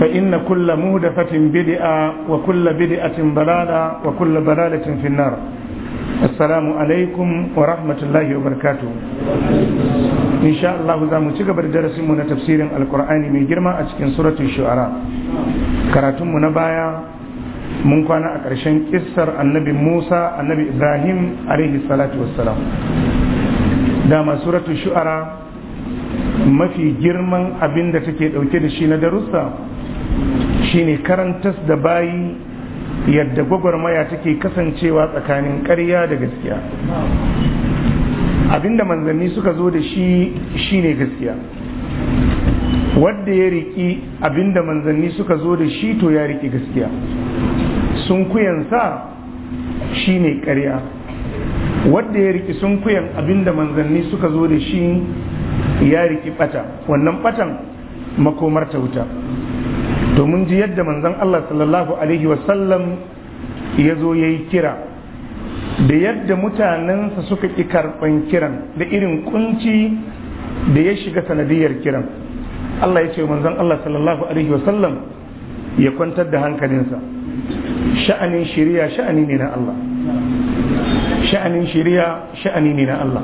فإن كل مهدفة بدعة وكل بدعة ضلالة وكل ضلالة في النار السلام عليكم ورحمة الله وبركاته إن شاء الله ذا متكبر درس من تفسير القرآن من جرمى أتكين سورة الشعراء كراتم نبايا mun kwana a ƙarshen ƙissar annabi musa annabi ibrahim alaihi salatu wassalam dama suratul shu'ara mafi girman abin da take ɗauke da shi na darussa shine karantas da bayi yadda gwagwarmaya take kasancewa tsakanin ƙarya da gaskiya abinda manzanni suka zo da shi shine gaskiya wadda ya riki abinda manzanni suka zo da shi to ya riki gaskiya sun kuyansa shine ƙarya wadda ya riki sun kuyan abinda manzanni suka zo da shi ya riki bata wannan batan makomar ta wuta to mun ji yadda manzon Allah sallallahu alaihi wasallam ya zo ya yi kira da yadda mutanensa suka ƙi karɓan kiran da irin kunci da ya shiga sanadiyar kiran Allah ya ce manzon Allah sallallahu alaihi wasallam ya kwantar da hankalinsa sha'anin shiriya sha'ani ne na Allah sha'anin shiriya sha'ani ne na Allah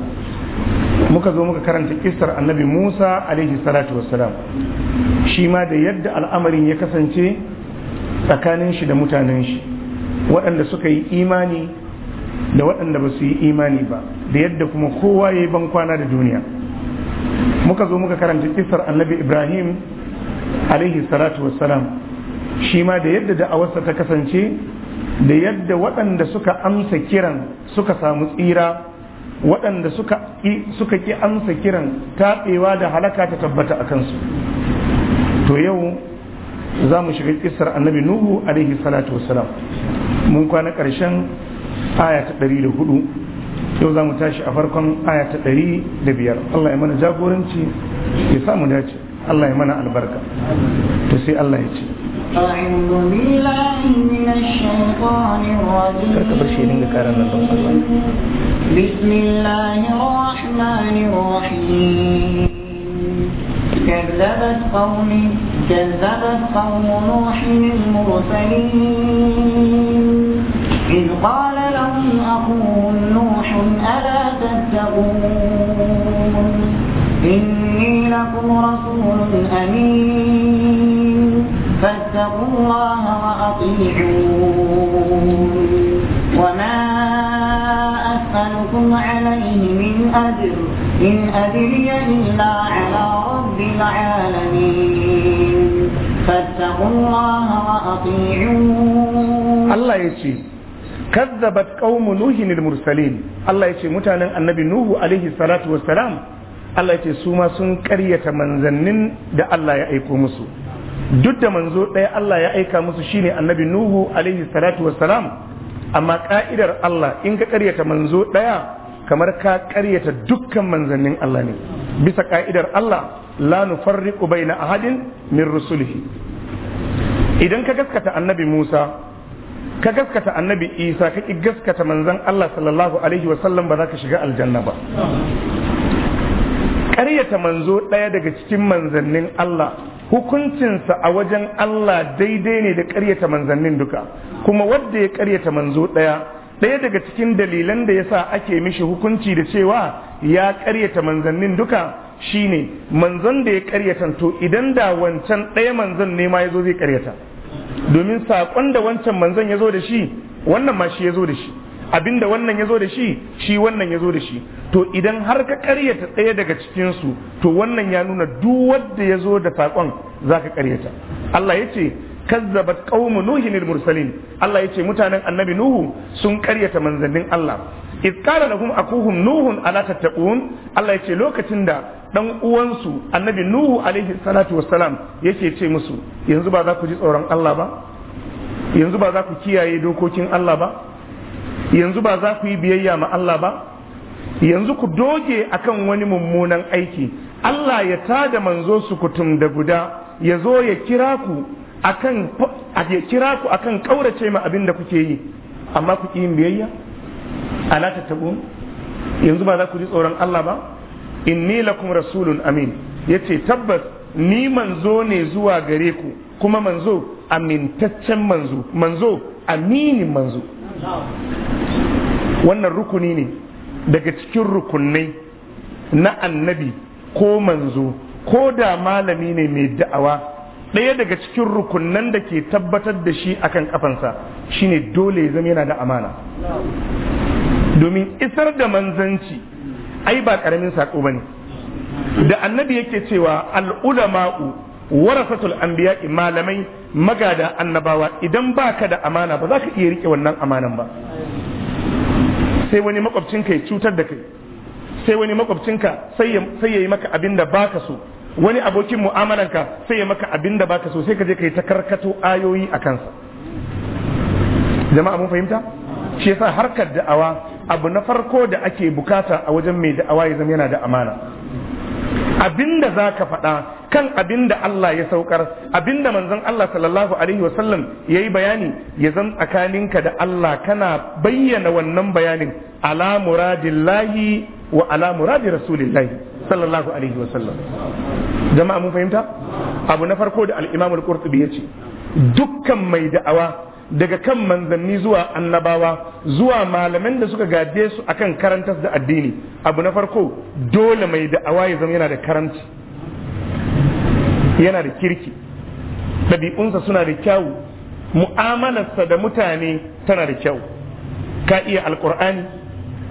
muka zo muka karanta kisar annabi musa alaihi salatu wassalam shi ma da yadda al'amarin ya kasance tsakanin shi da mutanen shi waɗanda suka yi imani da waɗanda ba su yi imani ba da yadda kuma kowa ya yi bankwana da duniya muka zo muka karanta kisar annabi ibrahim alaihi salatu wassalam shi ma da yadda da'awarsa ta kasance da yadda waɗanda suka amsa kiran suka samu tsira waɗanda suka suka amsa kiran taɓewa da halaka ta tabbata a kansu to yau za mu shiga ƙisar annabi nuhu alaihi salatu wassalam mun kwana ƙarshen aya ta ɗari da hudu yau za mu tashi a farkon aya ta ɗari da biyar Allah ya mana jagoranci ya samu dace Allah ya mana albarka to sai Allah ya ce أعوذ بالله من الشيطان الرجيم بسم الله الرحمن الرحيم كذبت قوم كذبت قوم نوح المرسلين إذ قال لهم أخوهم نوح ألا تتقون إني لكم رسول أمين فاتقوا الله وأطيعون وما أسألكم عليه من أجر إن أجري إلا على رب العالمين فاتقوا الله وأطيعون الله يشفي كذبت قوم نوح المرسلين الله يشي متانا النبي نوح عليه الصلاة والسلام الله يشي سوما سن كرية منزنن دا الله يأيكو مسو duk da manzo ɗaya Allah ya aika musu shine annabi Nuhu alaihi salatu wassalam amma ka'idar Allah in ka karyata manzo ɗaya kamar ka karyata dukkan manzannin Allah ne bisa ka'idar Allah la nufarriqu baina ahadin min rusulihi idan ka gaskata annabi Musa ka gaskata annabi Isa ka gaskata manzon Allah sallallahu alaihi wasallam ba za ka shiga aljanna ba Ƙaryata manzo ɗaya daga cikin manzannin Allah hukuncinsa a wajen Allah daidai ne da ƙaryata manzannin duka kuma wadda ya ƙaryata manzo ɗaya ɗaya daga cikin dalilan da ya sa ake mishi hukunci da cewa ya ƙaryata manzannin duka shine manzon da ya ƙaryata to idan da wancan ɗaya manzon ne ma ya zai ƙaryata domin saƙon da wancan manzon ya zo da shi wannan ma shi ya zo da shi abinda wannan ya zo da shi shi wannan yazo da shi to idan har ka karyata ɗaya daga cikin su to wannan ya nuna duk wanda ya zo da saƙon zaka ka karyata Allah ya ce kazzabat qaumu nuhin mursalin Allah yace mutanen annabi nuhu sun karyata manzannin Allah idh qala lahum akuhum nuhun ala tattaqun Allah yace lokacin da dan uwansu annabi nuhu alaihi salatu wassalam yake ce musu yanzu ba za ku ji tsoron Allah ba yanzu ba za ku kiyaye dokokin Allah ba yanzu ba za ku yi biyayya ma Allah ba yanzu ku doge akan wani mummunan aiki Allah ya tada manzo su kutum da guda ya zo ya kira ku akan ya kira ku akan kaurace ma abin da kuke yi amma ku yin biyayya ala tabu yanzu ba za ku ji tsoron Allah ba inni lakum rasulun amin yace tabbas ni manzo ne zuwa gare ku kuma manzo amintaccen manzo manzo aminin manzo wannan rukuni ne daga cikin rukunai na annabi ko manzo ko da malami ne mai da'awa ɗaya daga cikin rukunan da ke tabbatar da shi akan kafansa shine dole ya zama yana da amana domin isar da manzanci ai ba ƙaramin saƙo ba ne da annabi yake cewa al'ulama'u warasatul anbiya malamai magada annabawa idan baka da amana ba za ka iya rike wannan amanan ba sai wani makwabcinka ya cutar da kai sai wani makwabcinka sai ya yi maka abin da baka so wani abokin mu'amalanka sai ya maka abin da baka so sai ka je ka yi ta karkato ayoyi a kansa jama'a mun fahimta shi yasa harkar da'awa abu na farko da ake bukata a wajen mai da'awa ya zama yana da amana abinda za ka faɗa kan abinda Allah ya saukar abinda manzon Allah sallallahu alaihi wasallam ya yi bayani ya zan tsakaninka da Allah kana bayyana wannan bayanin ala muradillahi wa ala muradi rasulillahi sallallahu alaihi wasallam jama'a mun fahimta abu na farko da al-imam al ya yace dukkan mai da'awa daga kan manzanni zuwa annabawa zuwa malaman da suka gaje su akan karantar da addini abu na farko dole mai da'awa ya zama yana da karanci yana da kirki ɗabi'unsa suna da kyau. mu'amalarsa da mutane tana da kyau ka iya alkur'ani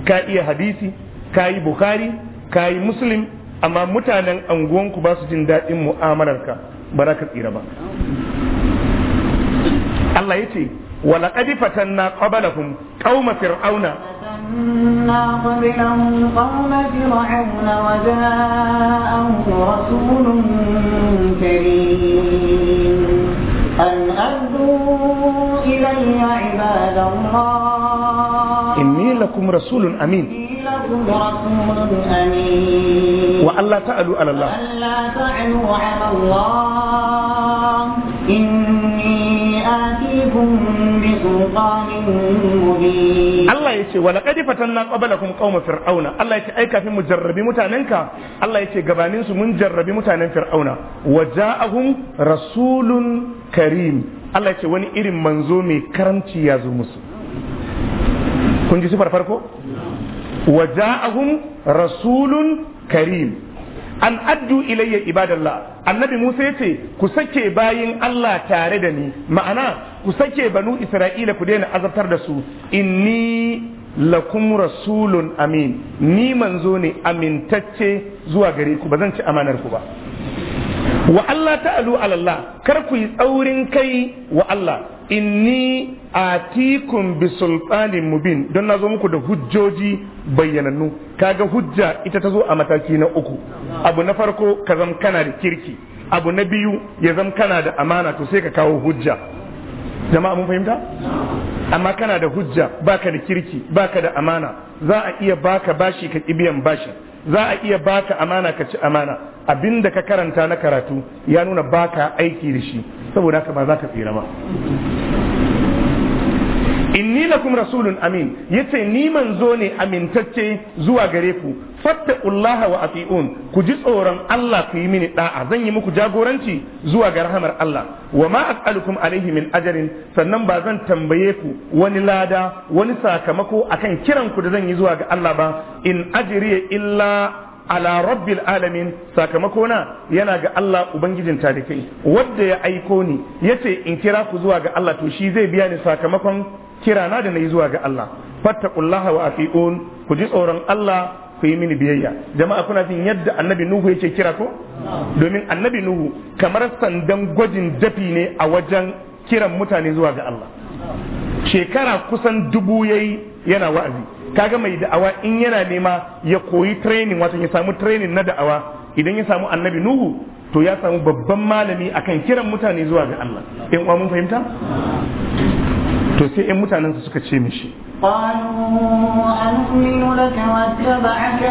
ka iya hadisi ka yi bukari ka yi muslim amma mutanen anguwanku ba su jin daɗin mu'amalarka ba za ka tsira ba Allah ya ce ولقد فتنا قبلهم قوم فرعون فتنا قبلهم قوم فرعون وجاءهم رسول كريم أن إلي عباد الله إني لكم رسول أمين إني لكم رسول أمين وألا تعلوا على الله وألا تعلوا على الله بسلطان مبين الله يتي ولقد فتنا قبلكم قوم فرعون الله يتي أي كافي مجربي متاننك الله يتي قبانين من جربي متانن فرعون وجاءهم رسول كريم الله يتي وني إرم منزومي كرمتي يازو مسو كنجي سفر فرقو وجاءهم رسول كريم an addu ilayya ibadallah annabi Musa yace ku sake bayin Allah tare da ni ma'ana ku sake banu Isra'ila ku daina azabtar da su inni lakum rasulun amin ni manzo ne amintacce zuwa gare ku ba zan ci amanar ku ba wa Allah ta'alu Allah kar ku yi tsaurin kai wa Allah inni atikum bi sultanin mubin don na zo muku da hujjoji bayyanannu kaga hujja ita ta zo a mataki na uku abu na farko ka zam kana da kirki abu na biyu ya zam kana da amana to sai ka kawo hujja jama'a mun fahimta amma kana da hujja baka da kirki baka da amana za a iya baka bashi ka biyan bashi. za a iya baka amana ka ci amana abin da ka karanta na karatu ya nuna baka aiki da shi saboda haka ba za ka tsira ba inni lakum rasulun amin yace ni manzo ne amintacce zuwa gare ku fattaqullaha wa atiun ku ji tsoron Allah ku yi mini da'a zan yi muku jagoranci zuwa ga rahamar Allah wa ma as'alukum alaihi min ajarin sannan ba zan tambaye ku wani lada wani sakamako akan kiran ku da zan yi zuwa ga Allah ba in ajriya illa ala rabbil alamin sakamako na yana ga Allah ubangijin tarikai da kai wanda ya aiko ni yace in kira ku zuwa ga Allah to shi zai biya ni sakamakon kirana da nayi zuwa ga Allah fattaqullaha wa atiun ku ji tsoron Allah ku yi mini biyayya jama'a kuna jin yadda annabi nuhu yake kira ko domin annabi nuhu kamar sandan gwajin dafi ne a wajen kiran mutane zuwa ga Allah shekara kusan dubu yayi yana wa'azi kaga mai da'awa in yana nema ya koyi training wato ya samu training na da'awa idan ya samu annabi nuhu to ya samu babban malami akan kiran mutane zuwa ga Allah in mun fahimta to sai in mutanen su suka ce mishi قالوا لك واتبعك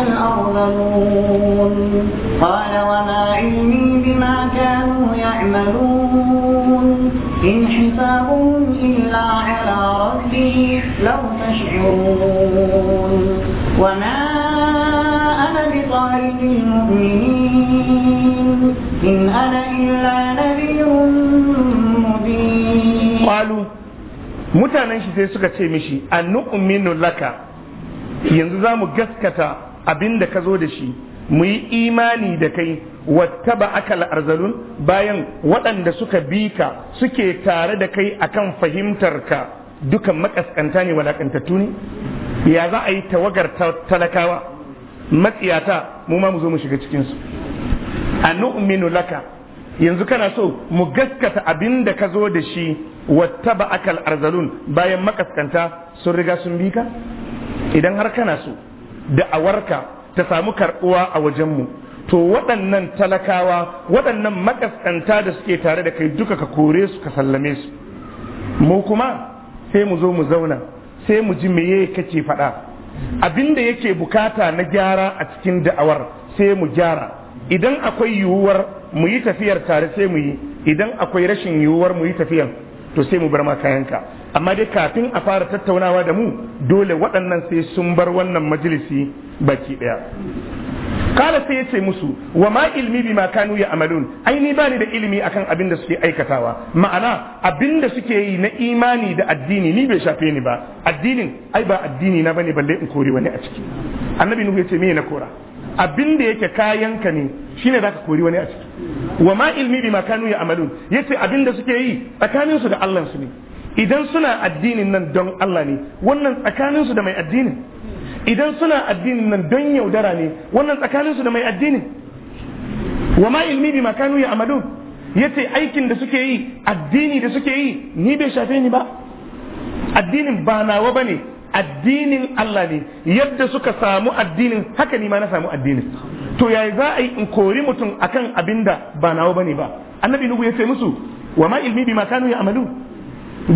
قال وما علمي بما كانوا يعملون إن حسابهم إلا على ربي لو تشعرون وما أنا المؤمنين إن أنا إلا نبي مبين قالوا mutanen shi sai suka ce mishi annu'minu laka yanzu za mu gaskata abin da ka zo da shi mu yi imani da kai ba aka arzalun bayan waɗanda suka bi ka suke tare da kai akan fahimtar ka dukan makaskanta ne walakantattu ne ya za a yi tawagar talakawa matsiyata mu ma mu zo mu shiga cikinsu a laka yanzu kana so mu gaskata abin da ka zo da shi wata ba akal arzalun bayan makaskanta sun riga sun bi ka idan har kana so da'awarka ta samu karɓuwa a wajenmu to waɗannan talakawa waɗannan makaskanta da suke tare da kai duka ka kore su ka sallame su mu kuma sai mu zo mu zauna sai mu ji meye kake faɗa abin da yake bukata na gyara a cikin da'awar sai mu gyara idan akwai yiwuwar mu yi tafiyar tare sai mu yi idan akwai rashin yiwuwar mu yi tafiyar to sai mu bar ma kayanka amma dai kafin a fara tattaunawa da mu dole waɗannan sai sun bar wannan majalisi baki ɗaya kala sai ya musu wa ma ilmi bi ma kanu ya amalun ai ni bani da ilimi akan abin da suke aikatawa ma'ana abin da suke yi na imani da addini ni bai shafe ni ba addinin ai ba addini na bane balle in kore wani a ciki annabi nuhu ya ce me na kora abin da yake kayanka ne shine zaka kori wani a ciki wa ma ilmi bima kanu ya amalun yace abin da suke yi tsakanin su da Allah su ne idan suna addinin nan don Allah ne wannan tsakanin su da mai addinin idan suna addinin nan don yaudara ne wannan tsakanin su da mai addinin wa ma ilmi bima kanu ya amalun yace aikin da suke yi addini da suke yi ni bai shafe ni ba addinin ba nawa bane addinin Allah ne yadda suka samu addinin haka ni ma na samu addinin to yayi za a yi in kori mutum akan abinda ba nawa bane ba annabi nuhu ya ce musu wa ma ilmi bima kanu ya'malu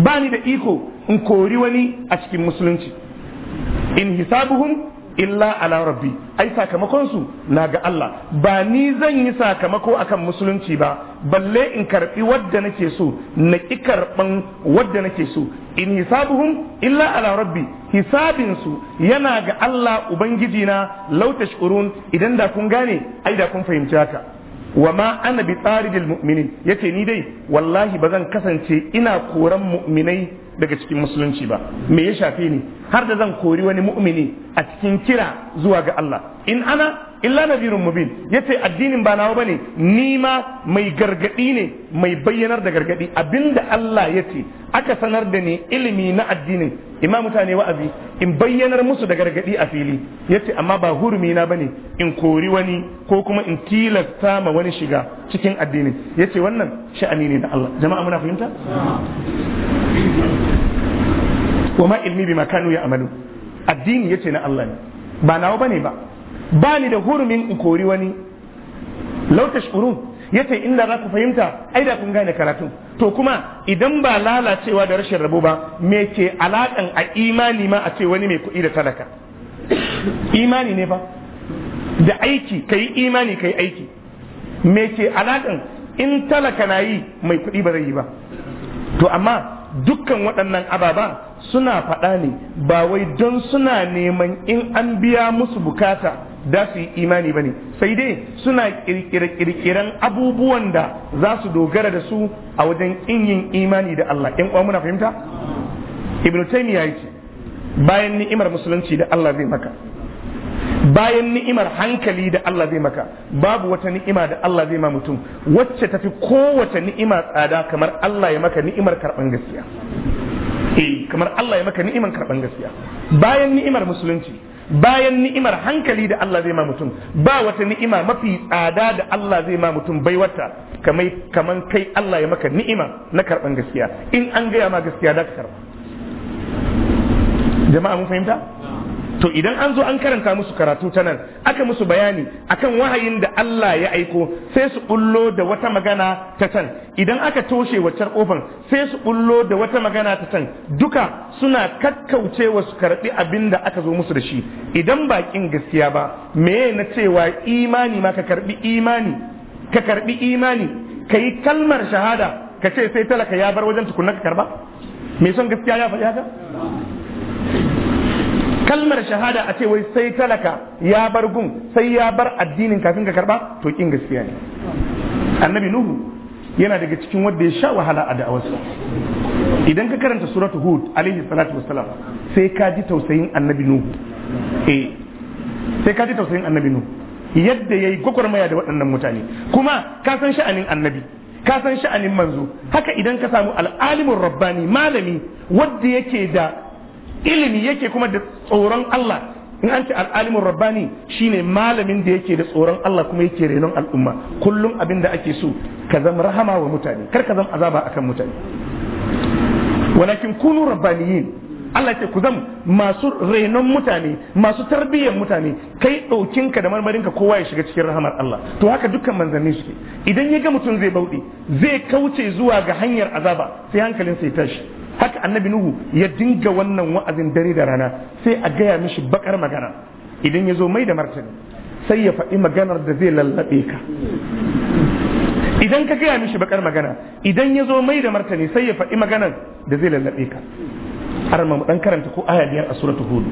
ba ni da iko in kori wani a cikin musulunci in hisabuhum illa ala rabbi ai sakamakon su na ga Allah ba ni zan yi sakamako akan musulunci ba balle in karbi wadda nake so na ki karban wadda nake so in hisabuhum illa ala rabbi hisabin su yana ga Allah ubangiji na law tashkurun idan da kun gane ai da kun fahimci haka wa ma ana bi tsaridil mu'minin yace ni dai wallahi ba zan kasance ina koran mu'minai daga cikin musulunci ba me ya shafe ni har da zan kori wani mu'mini a cikin kira zuwa ga Allah in ana illa nadirun mubin yace addinin ba nawa bane ni ma mai gargadi ne mai bayyanar da gargadi abinda Allah yace aka sanar da ni ilimi na addinin imam mutane wa'azi in bayyanar musu da gargadi a fili yace amma ba hurumi na bane in kori wani ko kuma in tilasta ma wani shiga cikin addinin yace wannan sha'ani ne da Allah jama'a muna fahimta wa ma ilmi bi makanu ya amalu addini yace na Allah ne ba nawa bane ba ba da hurumin in kori wani law tashkurun yace inda za ku fahimta ai da kun gane karatu to kuma idan ba lalacewa da rashin rabo ba me ke alakan a imani ma a ce wani mai kuɗi da talaka imani ne ba da aiki kai imani kai aiki me ke alakan in talaka na yi mai kuɗi ba zai yi ba to amma dukkan waɗannan ababa suna faɗa ne ba wai don suna neman in an biya musu bukata da su yi imani ba ne sai dai suna kirkire abubuwan da za su dogara da su a wajen in yin imani da Allah in uwa muna fahimta ibnu taymiya yace bayan ni'imar musulunci da Allah zai maka bayan ni'imar hankali da Allah zai maka babu wata ni'ima da Allah zai ma mutum wacce tafi kowace ni'ima tsada kamar Allah ya maka ni'imar karban gaskiya eh kamar Allah ya maka ni'imar karban gaskiya bayan ni'imar musulunci bayan ni'imar hankali da Allah zai ma mutum ba wata ni'ima mafi tsada da Allah zai ma mutum bai wata kamar kaman kai Allah ya maka ni'ima na karban gaskiya in an gaya ma gaskiya da karba jama'a mun fahimta to idan an zo an karanta musu karatu ta nan aka musu bayani akan wahayin da Allah ya aiko sai su bullo da wata magana ta can idan aka toshe waccan kofar sai su bullo da wata magana ta can duka suna wa su karbi abin da aka zo musu da shi idan bakin gaskiya ba meye na cewa imani ma ka karbi imani ka karbi imani ka yi kalmar shahada ka ce sai talaka ya bar wajen tukunna ka karba me son gaskiya ya faɗi haka kalmar shahada a ce wai sai talaka ya bar gun sai ya bar addinin kafin ka karba to kin gaskiya ne annabi nuhu yana daga cikin wanda ya sha wahala a da'awarsa idan ka karanta suratu hud alaihi salatu wassalam sai ka ji tausayin annabi nuhu eh sai ka ji tausayin annabi nuhu yadda yayi gwagwarmaya da waɗannan mutane kuma ka san sha'anin annabi ka san sha'anin manzo haka idan ka samu al'alimin rabbani malami wanda yake da ilimi yake kuma da tsoron Allah in an ce al'alimin rabbani shine malamin da yake da tsoron Allah kuma yake renon al'umma kullum abin da ake so ka zama rahama wa mutane kar ka zama azaba akan mutane walakin kunu rabbaniyin Allah ce ku zama masu renon mutane masu tarbiyyar mutane kai ɗaukinka da marmarinka kowa ya shiga cikin rahamar Allah to haka dukkan manzanni suke idan ya ga mutum zai bauɗe zai kauce zuwa ga hanyar azaba sai hankalin sai tashi haka annabi nuhu ya dinga wannan wa'azin dare da rana sai a gaya mishi bakar magana idan ya zo mai da martani sai ya faɗi maganar da zai lallaɓe ka idan ka gaya mishi bakar magana idan ya zo mai da martani sai ya faɗi maganar da zai lallaɓe ka arma mu dan karanta ko aya biyar a suratul hud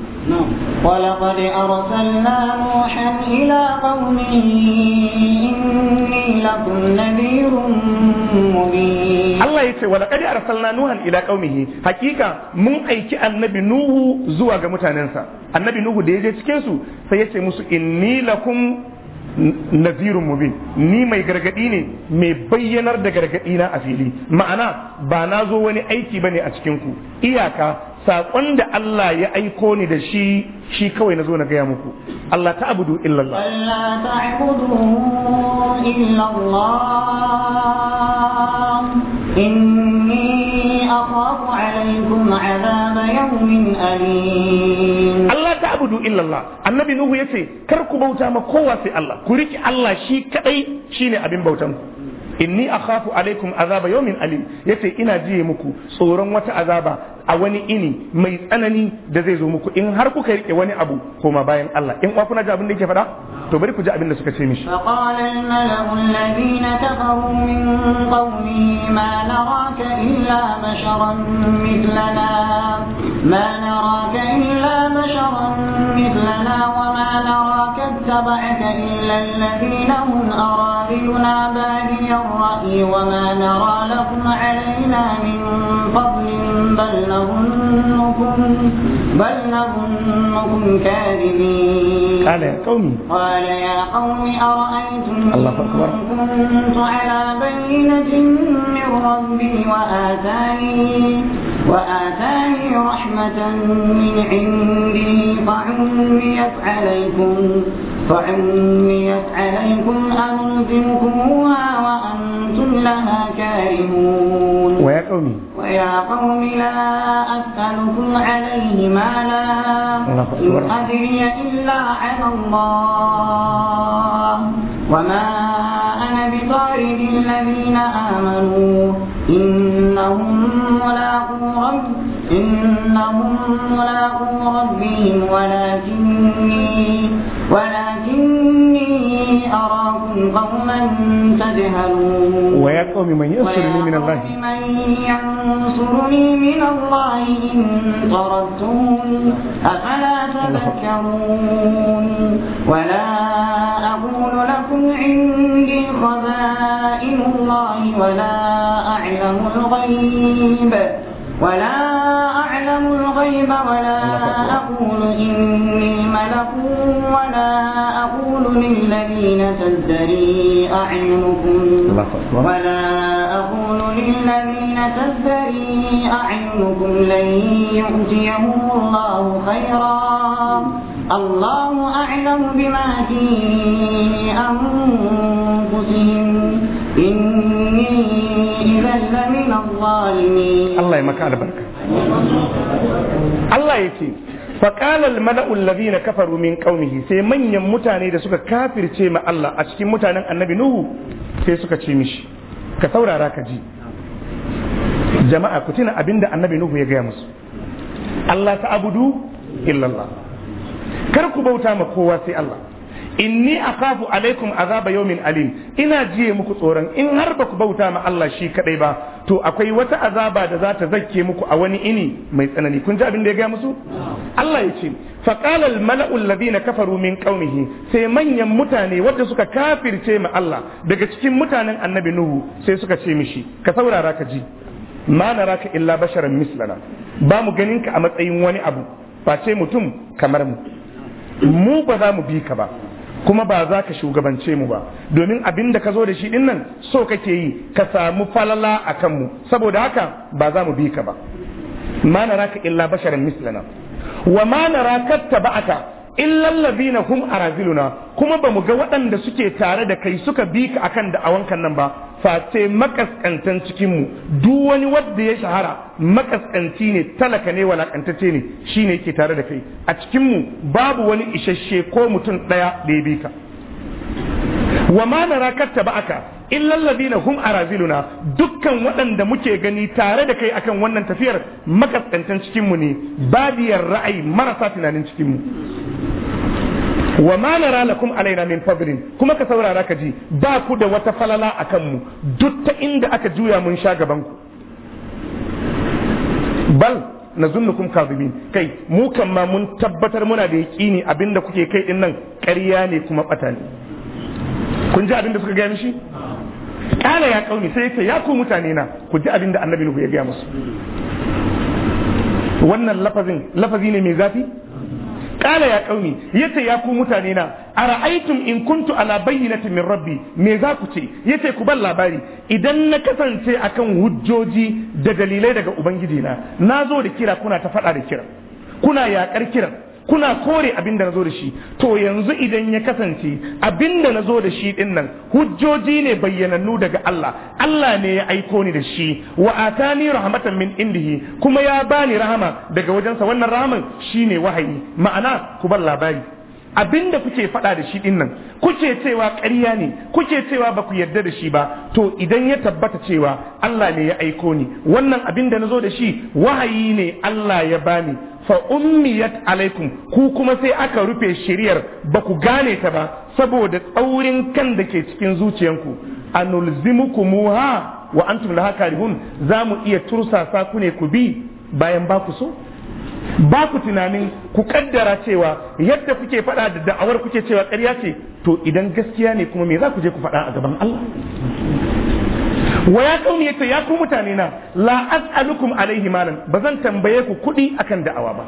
walaqad arsalna nuhan ila qaumihi inni lakum nadhirun mubin Allah yace walaqad arsalna nuhan ila qaumihi hakika mun aiki annabi nuhu zuwa ga mutanensa annabi nuhu da yaje cikin su sai yace musu inni lakum nazirun mubin ni mai gargadi ne mai bayyanar da gargadi na a fili ma'ana ba na zo wani aiki bane a cikin ku iyaka saƙon da Allah ya aiko ni da shi shi kawai na zo na gaya muku Allah ta abudu illallah Allah ta abudu illallah Allah annabi nuhu ya ce, kar ku bauta ma kowa sai Allah ku riƙe Allah shi shi shine abin bautan ku inni akhafu alaikum azaba yawmin ya ce ina jiye muku tsoron wata azaba a wani ini mai tsanani da zai zo muku in har kuka rike wani abu koma bayan Allah in kuna ji abin ke faɗa to bari ku ji abin da suka ce mishi faqala al-mala'u alladhina kafaru min qawmi ma naraka illa masharan mithlana ma naraka illa masharan mithlana wa ma naraka tabi'aka illa alladhina hum aradiluna badiyan الرأي وما نرى لكم علينا من فضل بل نظنكم بل نظنكم كاذبين قال يا قوم أرأيتم الله أكبر كنت على بينة من ربي وآتاني وآتاني رحمة من عندي فعميت عليكم فعميت عليكم أنزمكموها وأنتم لها كارهون ويا قوم ويا قوم لا أسألكم عليه مالا إن أدري إلا على الله وما أنا بطارد الذين آمنوا إنهم ملاقو رب إنهم ملاقو ربهم ولكني ولكن إني أراكم قوما تجهلون ويا قوم من ينصرني من الله من ينصرني من الله إن طردتم أفلا تذكرون ولا أقول لكم عندي خزائن الله ولا أعلم الغيب ولا أعلم الغيب ولا أقول إني ملك ولا أقول للذين تزدري أعينكم ولا أقول للذين تزدري أعينكم لن يؤتيهم الله خيرا الله أعلم بما في أنفسهم Allah ya maka Allah ya ya ce, faƙalar mala’ul lafi na kafar من ƙaunihi sai manyan mutane da suka kafirce ma Allah a cikin mutanen Annabi Nuhu sai suka ce mishi ka saurara ka ji jama'a ku tuna da Annabi Nuhu ya gaya musu Allah ta abudu illallah kar ku bauta ma kowa sai Allah inni akhafu alaikum azaba yawmin alim ina jiye muku tsoron in har ba ku bauta ma Allah shi kadai ba to akwai wata azaba da za ta zakke muku a wani ini mai tsanani kun ji abin da ya gaya musu Allah ya ce fa qala al mala'u alladhina kafaru min qaumihi sai manyan mutane wanda suka kafirce ma Allah daga cikin mutanen annabi nuhu sai suka ce mishi ka saurara ka ji ma naraka illa basharan mislana ba mu ganin ka a matsayin wani abu face mutum kamar mu mu ba za mu bi ka ba kuma ba za ka shugabance mu ba domin abin da ka zo da shi din nan so kake yi ka samu falala a kanmu saboda haka ba za mu bi ka ba ma ka illa basharan mislana wa ma naraka taba'aka illal ladina hum araziluna kuma bamu ga waɗanda suke tare da kai suka bi ka akan da awankan nan ba face makaskantan cikin mu duk wani wanda ya shahara makaskanci ne talaka ne kantace ne shine yake tare da kai a cikin mu babu wani isasshe ko mutum daya da ya bi ka wa ma nara kattaba'aka illal ladina hum araziluna dukkan waɗanda muke gani tare da kai akan wannan tafiyar makaskantan cikin mu ne badiyar ra'ayi marasa tunanin cikin mu wa ma nara lakum alaina min fadlin kuma ka saurara ka ji ba ku da wata falala a mu duk ta inda aka juya mun sha gaban ku bal na zunnukum kadhibin kai mu kan ma mun tabbatar muna da yaqini abinda kuke kai din nan ƙarya ne kuma bata ne kun ji abinda suka gaya mishi kana ya kauni sai ya ku mutane na ku ji abinda annabi ya gaya musu wannan lafazin lafazi ne mai zafi kala ya kauni yace ya ku mutane na ara'aytum in kuntu ala bayyinati min rabbi me za ku ce yace ku bar labari idan na kasance akan hujjoji da dalilai daga ubangiji na nazo da kira kuna ta fada da kira kuna yakar kiran kuna kore abinda na zo da shi to yanzu idan ya kasance abinda na zo da shi din nan hujjoji ne bayyanannu daga Allah Allah ne ya aiko ni da shi wa atani rahmatan min indihi kuma ya bani rahama daga wajensa wannan rahaman shine wahayi ma'ana ku bar labari Abinda kuke faɗa da shi din nan kuke cewa ƙarya ne kuke cewa ba ku yarda da shi ba to idan ya tabbata cewa Allah ne ya aiko ni wannan abinda da na zo da shi wahayi ne Allah ya bani fa ummiyat alaikum ku kuma sai aka rufe shiriyar ba ku gane ta ba saboda tsaurin kan da ke cikin zuciyanku anulzimukumuha wa antum laha karihun za mu iya tursasa ku ne ku bi bayan ba ku so ba ku tunanin ku kaddara cewa yadda kuke faɗa da da'awar kuke cewa ƙarya ce to idan gaskiya ne kuma me za ku je ku faɗa a gaban Allah wa ya kauni yace ya ku mutane na la as'alukum alaihi malan zan tambaye ku kuɗi akan da'awa ba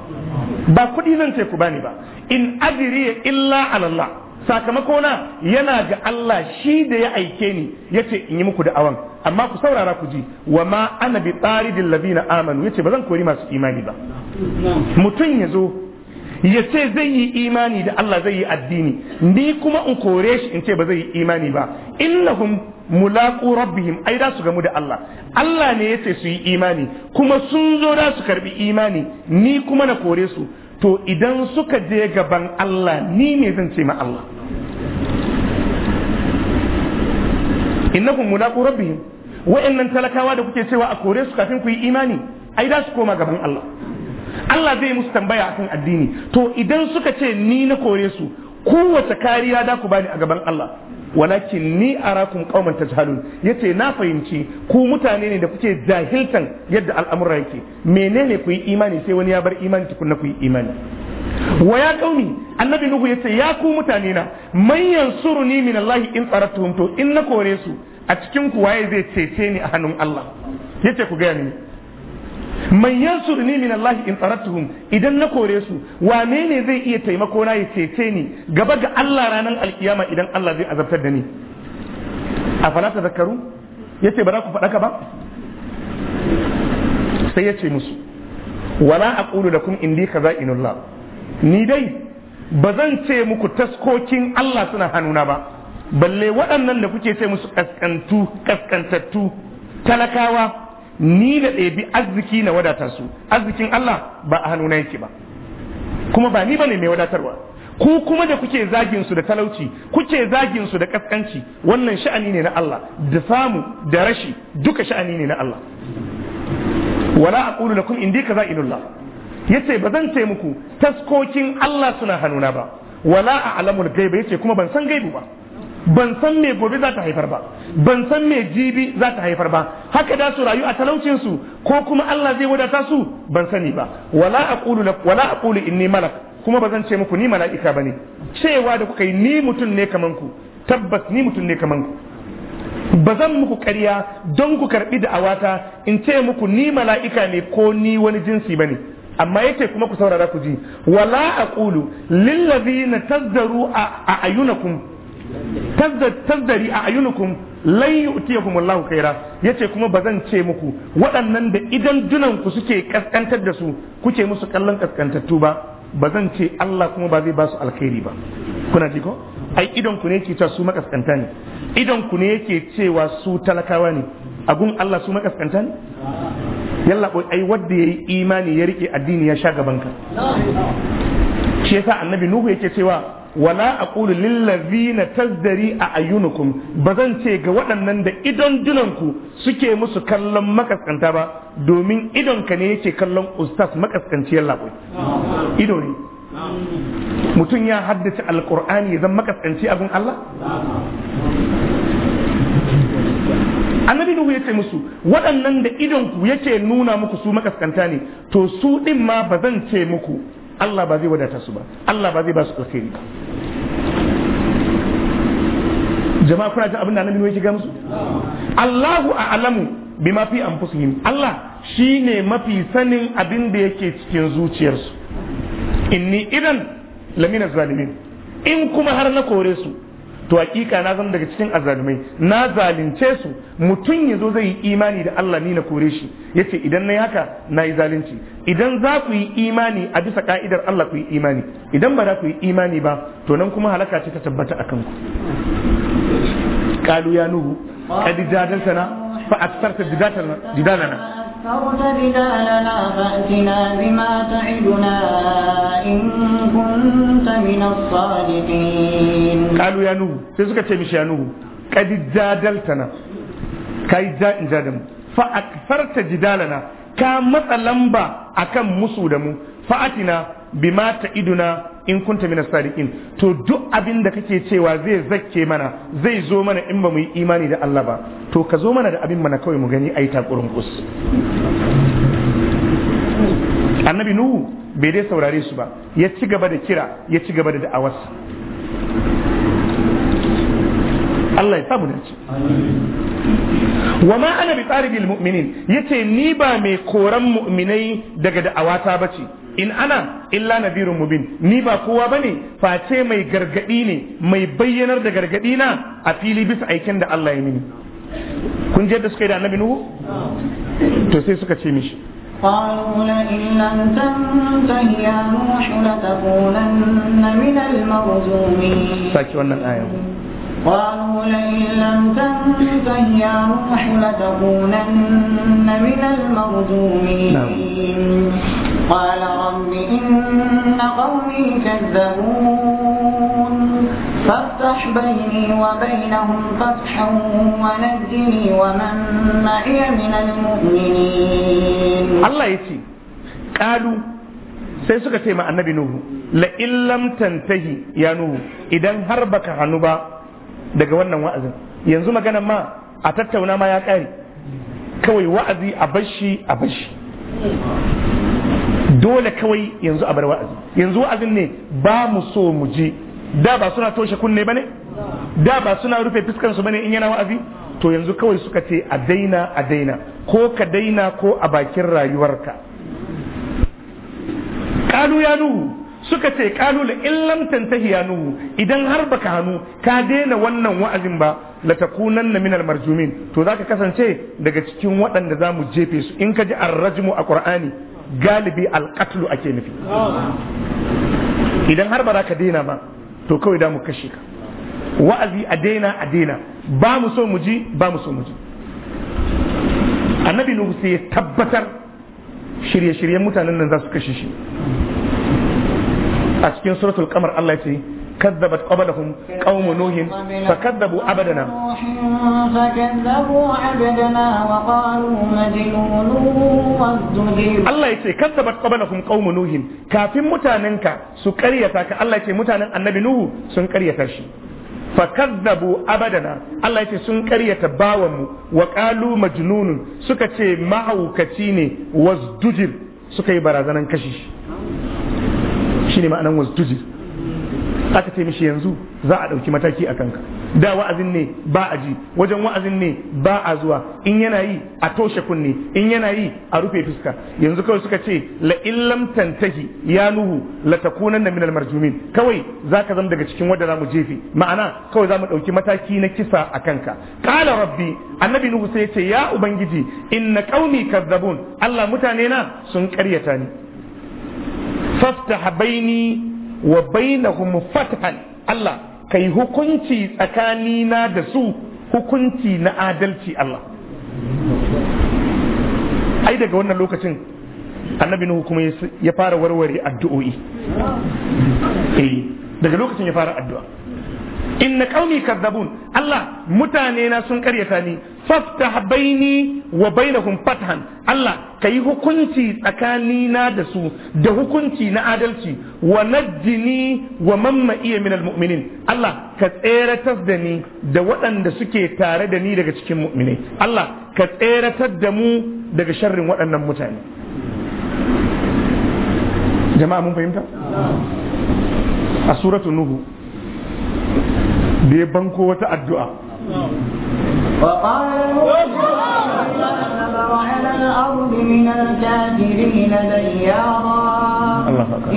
ba kuɗi zan ce ku bani ba in ajri illa ala Allah sakamako na yana ga Allah shi da ya aike ni yace in yi muku da'awan amma ku saurara ku ji wa ma ana bi taridil ladina amanu yace zan kori masu imani ba mutum ya zo ya ce zai yi imani da Allah zai yi addini ni kuma in kore shi in ce ba zai yi imani ba innahum mulaqu rabbihim ai da su gamu da Allah Allah ne yace su yi imani kuma sun zo da su karbi imani ni kuma na kore su to idan suka je gaban Allah ni ne zan ce ma Allah innahum mulaqu rabbihim wa'annan talakawa da kuke cewa a kore su kafin ku yi imani ai da su koma gaban Allah Allah zai musu tambaya akan addini to idan suka ce ni na kore su kowace kariya da ku bani a gaban Allah walakin ni arakum qauman tajhalun yace na fahimci ku mutane ne da kuke jahiltan yadda al'amura yake menene ku yi imani sai wani ya bar imani tukunna ku yi imani wa ya qaumi annabi nuhu yace ya ku mutane na man yansuruni min allahi in tsaratuhum to in na kore su a cikin ku waye zai cece ni a hannun Allah yace ku gaya ni man yansur ne min Allah in tarattuhum idan na kore su wane ne zai iya taimako na ya cece ni gaba ga Allah ranar alkiyama idan Allah zai azabtar da ni a fala ta zakaru ce ba za ku faɗaka ba sai ya ce musu wala da kun indi khaza'inullah ni dai ba zan ce muku taskokin Allah suna hannuna ba balle waɗannan da kuke ce musu kaskantu kaskantattu talakawa ni da ɗebi arziki na wadatar su arzikin Allah ba a na yake ba kuma ba ni bane mai wadatarwa ku kuma da kuke zagin su da talauci kuke zagin su da kaskanci wannan sha'ani ne na Allah da samu da rashi duka sha'ani ne na Allah wala aqulu lakum indi kaza illallah yace ba zan ce muku taskokin Allah suna hannuna ba wala a'lamul ya yace kuma ban san gaibu ba ban san me gobe za ta haifar ba ban san me jibi za ta haifar ba haka da su rayu a talaucin su ko kuma Allah zai wadata su ban sani ba wala aqulu wala aqulu inni malak kuma ba zan ce muku ni mala'ika bane cewa da kuka yi ni mutum ne kaman ku tabbas ni mutum ne kaman ku ba zan muku ƙarya don ku karɓi da awata in ce muku ni mala'ika ne ko ni wani jinsi bane amma yace kuma ku saurara ku ji wala aqulu lil ladina tazdaru a ayunakum tazdari a ayyunukum lan yu'tiyakum Allahu khaira yace kuma bazan ce muku waɗannan da idan dunan ku suke kaskantar da su kuke musu kallon kaskantattu ba bazan ce Allah kuma ba zai ba su alkhairi ba kuna ji ko ai idan ku ne yake cewa su makaskanta ne idan ku ne yake cewa su talakawa ne a gun Allah su makaskanta ne yalla ko ai wanda yayi imani ya rike addini ya sha gaban ka shi yasa annabi nuhu yake cewa wala aqulu lil na tazdari a ayyunukum bazan ce ga waɗannan da idon dunanku suke musu kallon makaskanta ba domin idon ka ne yake kallon ustaz makaskanciyar labo ido ne mutum ya haddace alqur'ani zan makaskanci abin Allah annabi nuhu ya ce musu waɗannan da idon ku yake nuna muku su makaskanta ne to su ɗin ma ba zan ce muku Allah ba zai wadata su ba Allah ba zai ba su alkhairi jama'a kuna jin abin da annabi yake ga musu Allahu a'lamu bima fi anfusihim Allah shine mafi sanin abin da yake cikin zuciyarsu inni idan lamina zalimin in kuma har na kore su to hakika na zama daga cikin azalumai na zalunce su mutum ya zo zai yi imani da Allah ni na kore shi ya ce idan nayi haka na yi zalunci idan za ku yi imani a bisa ka'idar Allah ku yi imani idan ba za ku yi imani ba to nan kuma halaka ce ta tabbata akan ku kalu ya nuhu qad na fa aktsarta jidalana أو تبدأ لنا فأتنا بما تعدنا إن كنت من الصادقين قالوا يا نوح سيسوك تمشي يا نوح قد جادلتنا كي جادم فأكثرت جدالنا كامت لمبا أكم مسودم فأتنا bima iduna in kunta min sadiqin to duk abin da kake cewa zai zakke mana zai zo mana in ba mu yi imani da Allah ba to ka zo mana da abin mana kawai mu gani ai takurin kus annabi nuhu bai dai saurare su ba ya ci gaba da kira ya ci gaba da da'awarsa Allah ya samu dace wa ma ana bi tsaribil mu'minin yace ni ba mai koran mu'minai daga da'awata bace in ana illa nadhirun mubin ni ba kowa bane face mai gargadi ne mai bayyanar da gargadi na a fili bisa aikin da Allah ya mini kun je da suka yi da annabi nuhu to sai suka ce mishi قالوا لئن لم تنته يا نوح قالوا لئن لم تنته يا نوح لتكونن من المرجومين قال رب إن قومي كذبون فافتح بيني وبينهم فتحا ونجني ومن معي من المؤمنين الله يتي قالوا sai suka ce ma annabi nuhu la illam tantahi ya nuhu idan har baka hannu ba daga wannan wa'azin yanzu maganan ma a tattauna ma ya kare kawai wa'azi a bashi a bashi dole kawai yanzu a bar wa'azi yanzu wa'azin ne ba mu so mu je da ba suna toshe kunne bane da ba suna rufe fuskan su bane in yana wa'azi to yanzu kawai suka ce a daina a daina ko ka daina ko a bakin rayuwarka kalu ya nuhu suka ce kalu la illam tantahi ya nuhu idan har baka hannu ka daina wannan wa'azin ba la min al marjumin to zaka kasance daga cikin waɗanda za mu jefe su in ka ji ar-rajmu a qur'ani galibi alƙatlu ake nufi idan har ba za ka daina ba to kawai da mu kashe ka wa'azi a daina a daina ba mu so mu ji ba mu so mu ji annabi nuhu sai ya tabbatar shirye-shiryen mutanen nan za su kashe shi a cikin suratul kamar Allah ya ce كذبت قبلهم قوم نوح فكذبوا عبدنا فكذبوا عبدنا وقالوا مجنون وازدجر الله يتي كذبت قبلهم قوم نوح كافين متاننك سكريتك الله يتي متانن النبي نوح سنكريتك fakazzabu abadana Allah yace sun karyata bawanmu wa qalu majnunun suka ce mahaukaci ne wasdujir suka yi barazanan kashi ne ma'anan wasdujir aka ce mishi yanzu za a ɗauki mataki a kanka da wa'azin ne ba a ji wajen wa'azin ne ba a zuwa in yana yi a toshe kunne in yana yi a rufe fuska yanzu kawai suka ce la illam tantahi ya nuhu la takunan na minal marjumin kawai za ka zama daga cikin wadda za mu jefe ma'ana kawai za mu ɗauki mataki na kisa a kanka kala rabbi annabi nuhu sai ya ce ya ubangiji inna ƙauni kazzabun Allah mutane na sun ƙaryata ni faftah baini wa bainahum fathan Allah kai hukunci tsakanina da su hukunci na adalci Allah ai daga wannan lokacin annabi nuhu kuma ya fara warware addu'o'i eh daga lokacin ya fara addu'a inna qaumi kadzabun Allah mutane na sun karyata ni faftah baini wa bainahum fathan Allah yi hukunci tsakanina da su da hukunci na adalci wa najjini wa mamma iya minal mu'minin Allah ka tseratar da ni da waɗanda suke tare da ni daga cikin mu'minai Allah ka tseratar da mu daga sharrin waɗannan mutane jama'a mun fahimta a suratu nuhu da ya banko wata addu'a وقالوا على الأرض من الكافرين ديارا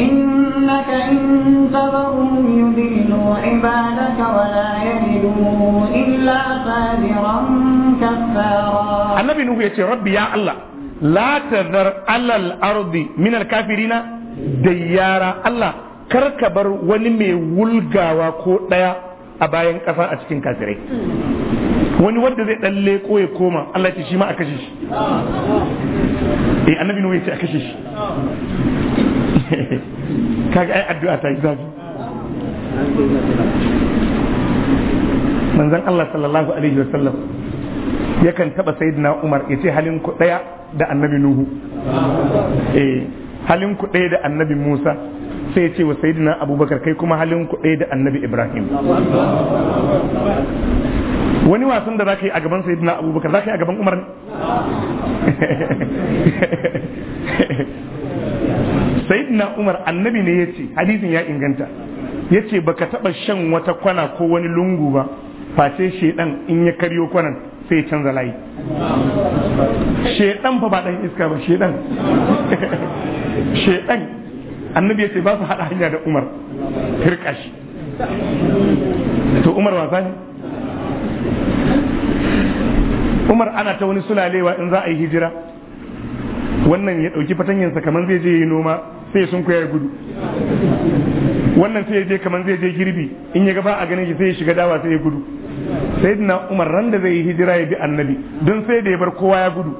إنك إن تذرهم يذلوا عبادك ولا يجدوا إلا فاجرا كفارا النبي نوح يقول ربي يا الله لا تذر على الأرض من الكافرين ديارا الله karka bar wani mai wulgawa ko ɗaya a bayan ƙasa a cikin kafirai wani wadda zai dan leko ya koma Allah ce shi ma a kashe shi eh annabi nuhu ya ce a kashe shi kaga ai addu'a ta zafi manzon Allah sallallahu alaihi wa sallam yakan taba sayyidina Umar ya ce halin ku daya da annabi nuhu eh halin ku daya da annabi Musa sai ce wa sayyidina abubakar kai kuma halin ku ɗaya da annabi ibrahim wani wasan da zaka yi a gaban sayyidina abubakar zaka yi a gaban umar ne sayyidina umar annabi ne ya ce hadisin ya inganta ya ce baka taba shan wata kwana ko wani lungu ba face shedan in ya karyo kwanan sai ya canza layi shedan fa ba dan iska ba shedan shedan annabi ya ce ba su hada hanya da umar firka shi to umar wasa ne umar ana ta wani sulalewa in za a yi hijira wannan ya ɗauki fatanyansa kamar zai je yi noma sai sun kuya gudu wannan sai ya je kamar zai je girbi in ya gaba a ganin shi sai ya shiga dawa sai ya gudu sai dina umar ran da zai yi hijira ya bi annabi don sai da ya bar kowa ya gudu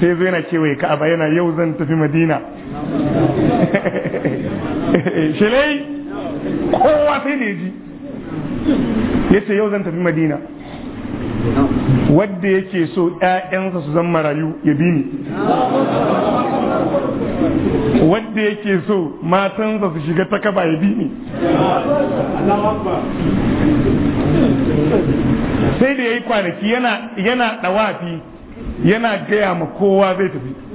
sai zai yana kewaye ka'aba yana yau zan tafi madina shilai kowa sai da ya ji ya ce yau zan tafi madina wadda yake so ‘ya'yansa su zama marayu ya bi ni wadda yake so matansa su shiga ta kaba ya bi ni sai da ya yi kwanaki yana ɗawafi yana gaya ma kowa zai tafi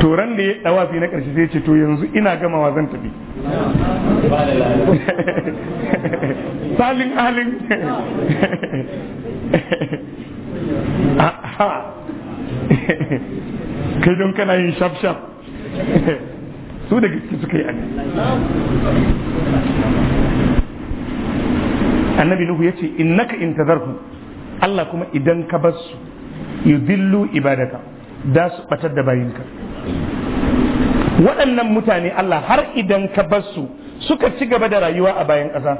to ran da ya fi na karshe sai ce to yanzu ina gamawa zan tafi salin alin kai don kana yin shaf shaf su da gaske suka yi annabi nuhu ya ce innaka in tazarhu Allah kuma idan ka bar su yudillu ibadaka da su batar da bayinka waɗannan mutane Allah har idan ka bar su suka ci gaba da rayuwa a bayan ƙasa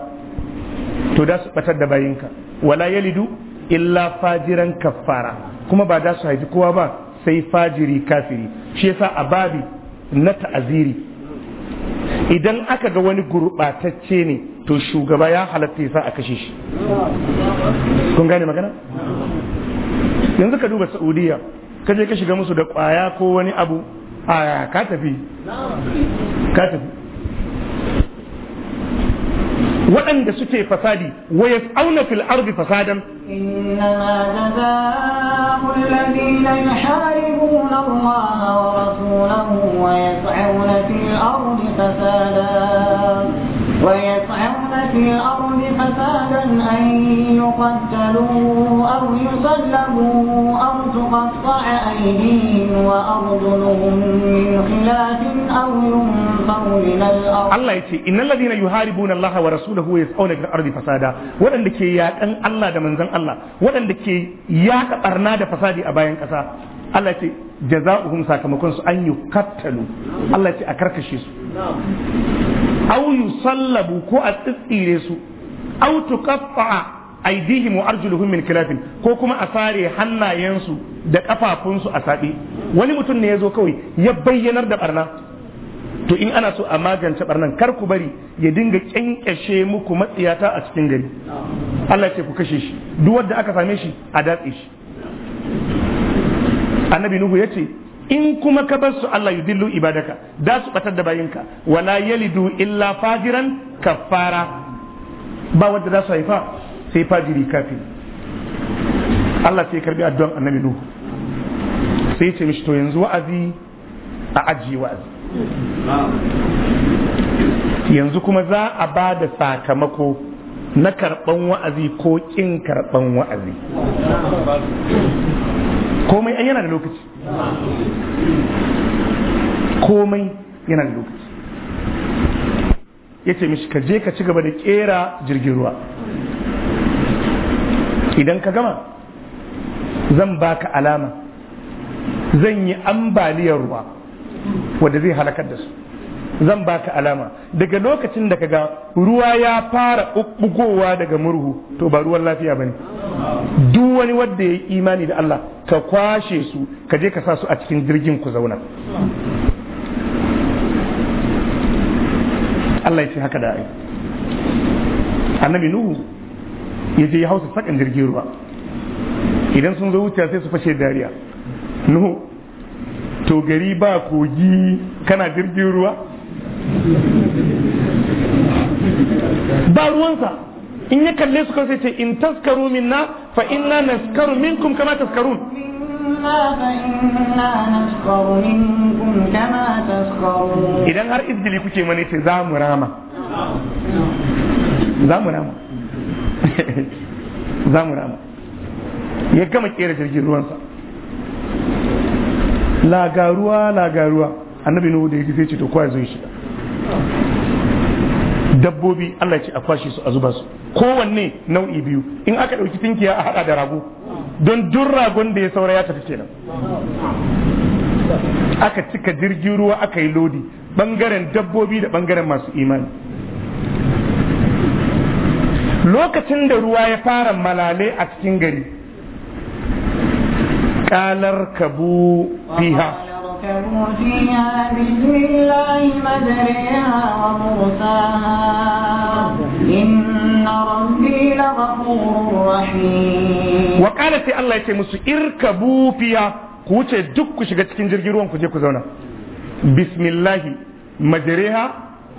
to da su batar da bayinka wala yalidu illa fajiran kafara kuma ba da su haifi kowa ba sai fajiri kafiri shi yasa a babi na ta'aziri idan aka ga wani gurɓatacce ne to shugaba ya halatta ya sa a kashe shi kun gane magana yanzu ka duba saudiya ka je ka shiga musu da ƙwaya ko wani abu a ka tafi ka tafi waɗanda suke fasadi wa yas'auna إنما جزاء الذين يحاربون الله ورسوله ويسعون في الأرض فسادا ويسعون في الأرض فسادا أن يقتلوا أو يصلبوا أو تقطع أيديهم وأرجلهم من خلاف أو ينفوا من الأرض الله يتي إن الذين يحاربون الله ورسوله ويسعون في الأرض فسادا ولن لكي يأتن الله دمن زن الله ولن لكي يأتن أرناد فسادي أباين كسا Allah ce jaza'uhum sakamakon su an yi kattalu Allah ce a karkashe su aw yusallabu ko a tsitsire su aw tuqaffa aydihim wa arjuluhum min ko kuma a sare hannayensu da ƙafafunsu a sabe wani mutum ne ya zo kawai ya bayyanar da ɓarna, to in ana so a magance ɓarnan kar ku bari ya dinga ƙyanƙyashe muku matsiyata a cikin gari Allah ce ku kashe shi duk wanda aka same shi a datse shi annabi nuhu ya ce in kuma ka bar su Allah dillu ibadaka da su batar da bayinka wala yalidu illa fajiran kafara ba wanda za su haifa sai fajiri kafi Allah sai karbi addu'an annabi Nuhu sai ce mishi to yanzu wa'azi a ajiye wa'azi yanzu kuma za a ba da sakamako na karɓan wa'azi ko ƙin karɓan wa'azi komai an yana da lokaci komai yana da lokaci ya mishi ka je ka ci gaba da kera jirgin ruwa idan ka gama zan baka alama zan yi ambaliyar ruwa wadda zai halakar da su zan baka alama daga lokacin da kaga ruwa ya fara bugowa daga murhu to ba ruwan lafiya bane duk wani wanda yayi imani da Allah ka kwashe su ka je ka sa su a cikin jirgin ku zauna Allah ya ce haka da ai annabi nuhu ya je ya hausa sakan jirgin ruwa idan sun zo wuce sai su fashe dariya nuhu to gari ba kogi kana jirgin ruwa ba ruwansa in ya kalle su kawai ce in taskaru minna fa inna naskaru minkum kama taskarun idan har izgili kuke mani ce za mu rama za mu rama za mu rama ya gama kera jirgin ruwansa lagaruwa lagaruwa annabi nuhu da ya ce to kwa zai shiga dabbobi Allah ce a kwashe su a zuba su kowanne nau'i biyu in aka ɗauki tinkiya a haɗa da rago don duk ragon da ya saura ya tafi kenan aka cika jirgin ruwa aka yi lodi ɓangaren dabbobi da ɓangaren masu imani lokacin da ruwa ya fara malale a cikin gari ƙalar kabu fiha واركبوا فيها بسم الله مجريها ومرساها إن ربي لغفور رحيم وقالت الله يتمس اركبوا فيها cikin jirgin ruwan ku je ku zauna. بسم الله مجريها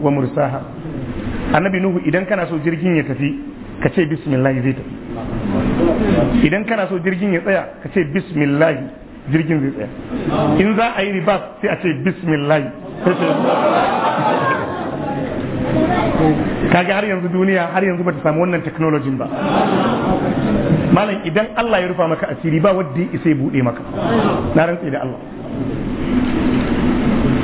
ومرساها annabi nuhu idan kana so jirgin ya tafi ka ce bismillahi zai tafi idan kana so jirgin ya tsaya kace ce bismillahi jirgin zai tsaya in za a yi ribas sai a ce bismillah kage har yanzu duniya har yanzu bata samu wannan technology ba malam idan Allah ya rufa maka asiri ba wadda ya isa bude maka na rantsi da Allah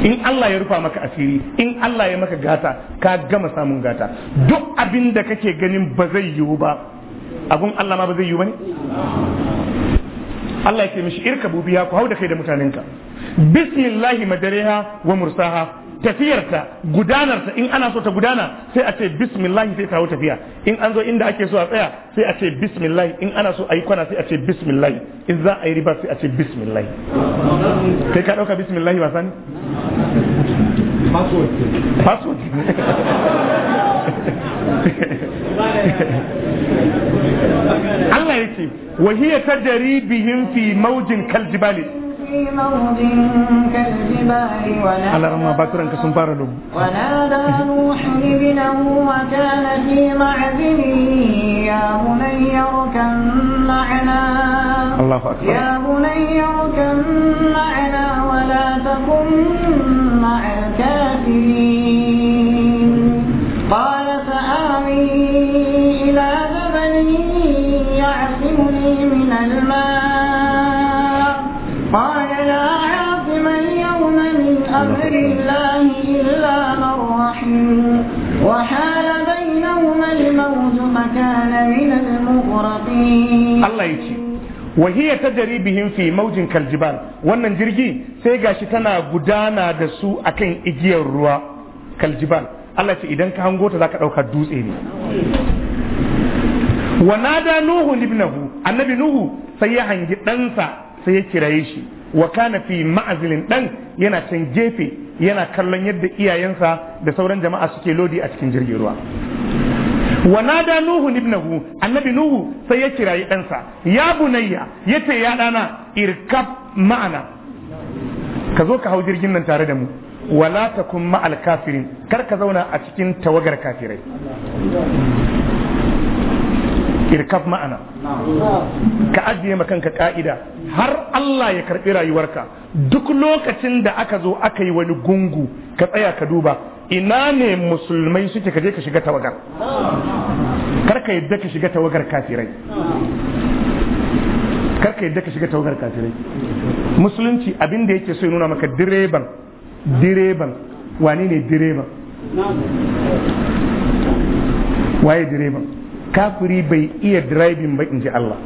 in Allah ya rufa maka asiri in Allah ya maka gata ka gama samun gata duk abin da kake ganin ba zai yiwu ba abun Allah ma ba zai yiwu ba ne Allah ya ce mishi irka bubiya ku hau da kai da mutanenka bismillahi madariha wa mursaha tafiyarta gudanarta in ana so ta gudana sai a ce bismillahi sai ta hau tafiya in an zo inda ake so a tsaya sai a ce bismillahi in ana so a yi kwana sai a ce bismillahi in za a yi riba sai a ce bismillahi kai ka ɗauka bismillahi wasa ne password Allah yake wa hiya tajri bihim fi mawjin kaljibali alarma bakuran ka sun fara ya bunayya kan ma'ana Allahu akbar ya bunayya kan ma'ana wa la takum ma'al Allah ya ce wa ta tajri bihim fi mawjin kaljibal wannan jirgi sai gashi tana gudana da su akan igiyar ruwa kaljibal Allah ce idan ka hango ta zaka dauka dutse ne wa nada nuhu ibnahu annabi nuhu sai ya hangi ɗansa sai ya kiraye shi wa kana fi ma'azilin ɗan yana can gefe yana kallon yadda iyayensa da sauran jama'a suke lodi a cikin jirgin ruwa Wana nada nuhu ibnahu annabi nuhu sai ya kirayi ɗansa ya bunayya yace ya ɗana irkab ma'ana ka zo ka hau jirgin nan tare da mu wala takun ma'al kafirin kar ka zauna a cikin tawagar kafirai irkab ma'ana ka ajiye makanka ka'ida har Allah ya karɓi rayuwarka duk lokacin da aka zo aka yi wani gungu ka tsaya ka duba ina ne musulmai suke kaje ka shiga tawagar karka yadda ka shiga tawagar kafirai karka yadda ka shiga tawagar kafirai musulunci abin da yake so ya nuna maka direban direban wani ne direban waye direban kafiri bai iya driving ba in ji Allah